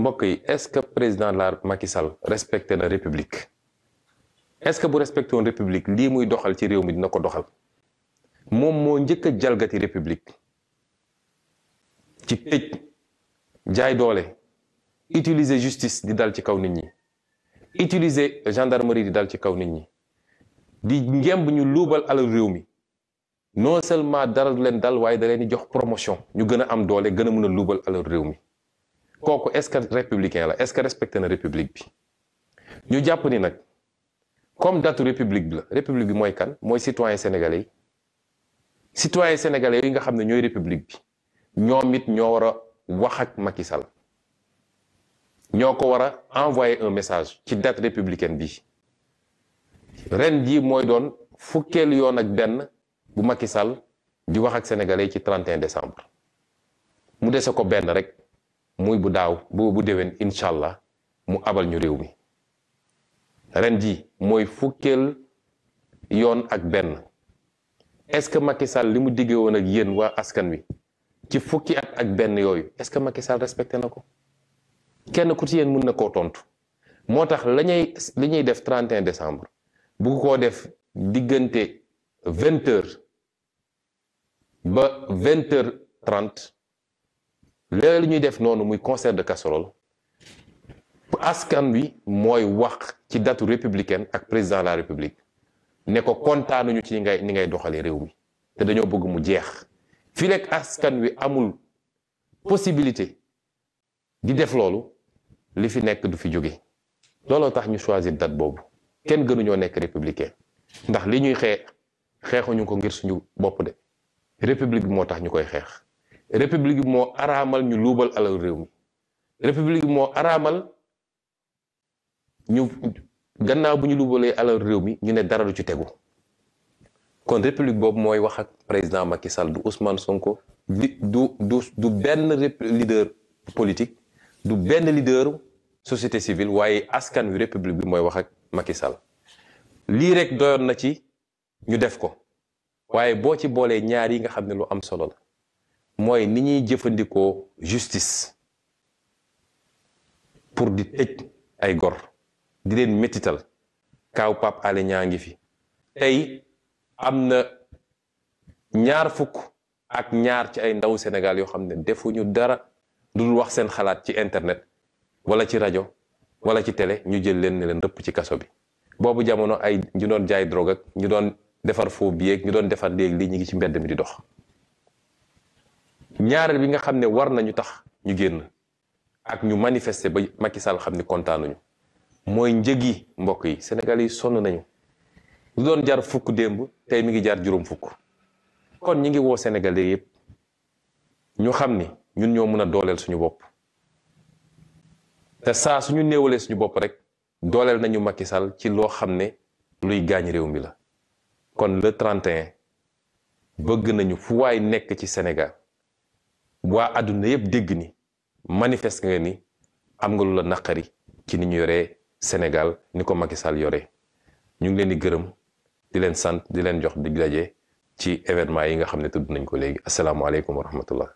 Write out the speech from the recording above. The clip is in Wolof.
mbokk est-ce que président la Macky Sall respecte la république est-ce que vous respectez une république lii muy doxal ci réew mi dina ko doxal moom moo njëkk a jalgati république ci tëj jaay doole utiliser justice di dal ci kaw nit ñi utiliser gendarmerie di dal ci kaw nit ñi di ngemb ñu luubal alal réew mi non seulement daral du leen dal waaye da leen di jox promotion ñu gën a am doole gën a mën a luubal alal réew mi kooku est-ce que républicain la est-ce que respecté na république bi ñu japp ni nak comme date république bi la république bi moy kan moy citoyen sénégalais citoyen sénégalais yi nga xamné ñoy république bi ñoom it ñoo wara wax ak Macky Sall ñoo envoyer un message ci date républicaine bi ren jii moy don fukel yon ak ben bu Macky Sall di wax ak sénégalais ci 31 décembre mu déssé ko ben rek. muy bu daaw bu bu déwén incha allah mu abal ñu réew mi ren ji mooy fukkeel yoon ak benn est-ce que Macky Sall li mu diggee woon ak yéen waa askan wi ci fukki at ak benn yooyu est-ce que Macky Sall respecté na ko kenn ku ci yéen mun na koo tontu moo tax la ñuy li ñuy def 31 décembre bu koo def diggante vingt ba vingt heures léeg-léeg ñuy def noonu muy concert de casserole askan wi mooy wax ci datu républicaine ak président la république ne ko kontaanuñu ci ngay ni ngay doxalee réew mi te dañoo bëgg mu jeex fii rek askan wi amul possibilité di def loolu li fi nekk du fi jóge looloo tax ñu choisir date boobu kenn gënuñoo nekk républicain ndax li ñuy xeex xeexuñu ko ngir suñu bopp de république moo tax ñu koy xeex république bi moo araamal ñu luubal alal réew mi république bi moo araamal ñu gannaaw bu ñu luubalee alal réew mi ñu ne dara du ci tegu kon république boobu mooy wax ak président Macky Sall du usman Sonko du du du benn leader politique du benn leader société civile waaye askan wi république bi mooy wax ak Macky Sall lii rek doyoon na ci ñu def ko waaye boo ci boolee ñaar yi nga xam ne lu am solo la. mooy ni ñuy jëfandikoo justice pour di tëj ay gor di leen métital kaw Pape ñaa ngi fi tey am na ñaar fukk ak ñaar ci ay ndaw senegal yoo xam ne defuñu dara dul wax seen xalaat ci internet walla ci rajo wala ci télé ñu jël leen ne leen rëpp ci kaso bi boobu jamono ay ñu doon jaay drogue ak ñu doon defar faux billets ak ñu doon defar léegi lii ñu ngi ci mbedd mi di dox ñaareel bi nga xam ne war nañu tax ñu génn ak ñu manifester ba Macky Sall xam ne kontaanuñu mooy njëg yi mbokk yi Sénégal yi sonn nañu lu doon jar fukk démb tey mi ngi jaar juróom fukk kon ñi ngi woo Sénégalais yëpp ñu xam ni ñun ñoo mën a dooleel suñu bopp te saa suñu néewalee suñu bopp rek dooleel nañu Macky Sall ci loo xam ne luy gaañ réew mi la kon le 31 bëgg nañu fu waay nekk ci Sénégal waa àdduna yëpp dégg ni manifeste nga ni am nga lu la naqari ci ni ñu yoree Sénégal ni ko Macky Sall yore ñu ngi leen di gërëm di leen sant di leen jox di daje ci événement yi nga xam ne tudd nañ ko léegi asalaamaaleykum wa rahmatullah